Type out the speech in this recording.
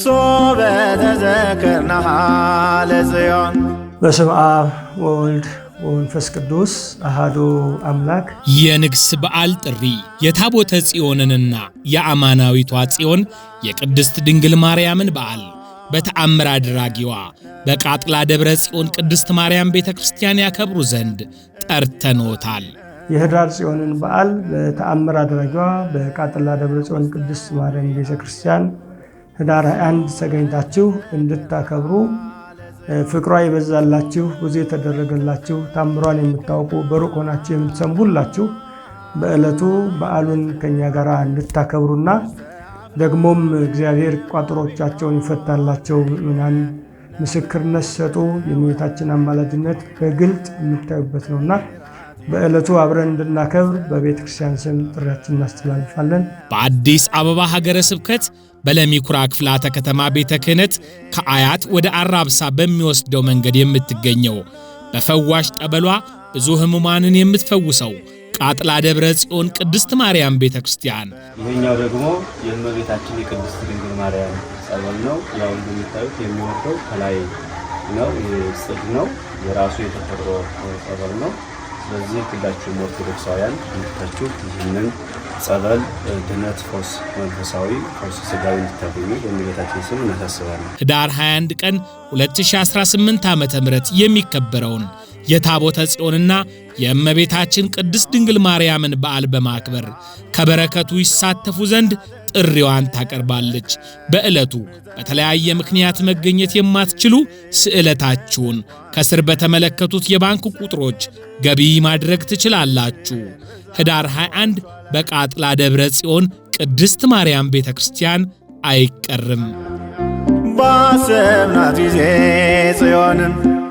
ሶበ ለጽዮን አብ ወወልድ ወመንፈስ ቅዱስ አሃዱ አምላክ። የንግሥ በዓል ጥሪ የታቦተ ጽዮንንና የአማናዊቷ ጽዮን የቅድስት ድንግል ማርያምን በዓል በተአምር አድራጊዋ በቃጥላ ደብረ ጽዮን ቅድስት ማርያም ቤተ ክርስቲያን ያከብሩ ዘንድ ጠርተኖታል። የህዳር ጽዮንን በዓል በተአምር አድራጊዋ በቃጥላ ደብረ ጽዮን ቅድስት ማርያም ቤተ ክርስቲያን ህዳር 21 ተገኝታችሁ እንድታከብሩ ፍቅሯ የበዛላችሁ ብዙ የተደረገላችሁ ታምሯን የምታውቁ በሩቅ ሆናችሁ የምትሰሙ ሁላችሁ በዕለቱ በዓሉን ከኛ ጋር እንድታከብሩና ደግሞም እግዚአብሔር ቋጥሮቻቸውን ይፈታላቸው ምናን ምስክርነት ሰጡ የእመቤታችን አማላጅነት በግልጥ የምታዩበት ነውና በዕለቱ አብረን እንድናከብር በቤተ ክርስቲያን ስም ጥሪያችን እናስተላልፋለን። በአዲስ አበባ ሀገረ ስብከት በለሚ ኩራ ክፍላተ ከተማ ቤተ ክህነት ከአያት ወደ አራብሳ በሚወስደው መንገድ የምትገኘው በፈዋሽ ጠበሏ ብዙ ሕሙማንን የምትፈውሰው ቃጥላ ደብረ ጽዮን ቅድስት ማርያም ቤተ ክርስቲያን። ይህኛው ደግሞ የእመቤታችን የቅድስት ድንግል ማርያም ጸበል ነው። ያው እንደሚታዩት የሚወርደው ከላይ ነው፣ ጽድ ነው፣ የራሱ የተፈጥሮ ጸበል ነው። ስለዚህ ሁላችሁም ኦርቶዶክሳውያን እንድታችሁ ይህንን ጸበል ድነት ፎስ መንፈሳዊ ፎስ ስጋዊ እንድታገኙ በእመቤታችን ስም እናሳስባለን። ህዳር 21 ቀን 2018 ዓ ም የሚከበረውን የታቦተ ጽዮንና የእመቤታችን ቅድስት ድንግል ማርያምን በዓል በማክበር ከበረከቱ ይሳተፉ ዘንድ ጥሪዋን ታቀርባለች። በዕለቱ በተለያየ ምክንያት መገኘት የማትችሉ ስዕለታችሁን ከስር በተመለከቱት የባንክ ቁጥሮች ገቢ ማድረግ ትችላላችሁ። ህዳር 21 በቃጥላ ደብረ ጽዮን ቅድስት ማርያም ቤተ ክርስቲያን አይቀርም። ባሰብናት ጊዜ ጽዮንን